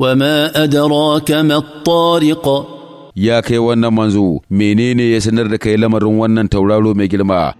وما أدراك ما الطارق يا كي وانا منزو منين يسنر كي لمر وانا تولالو مجلما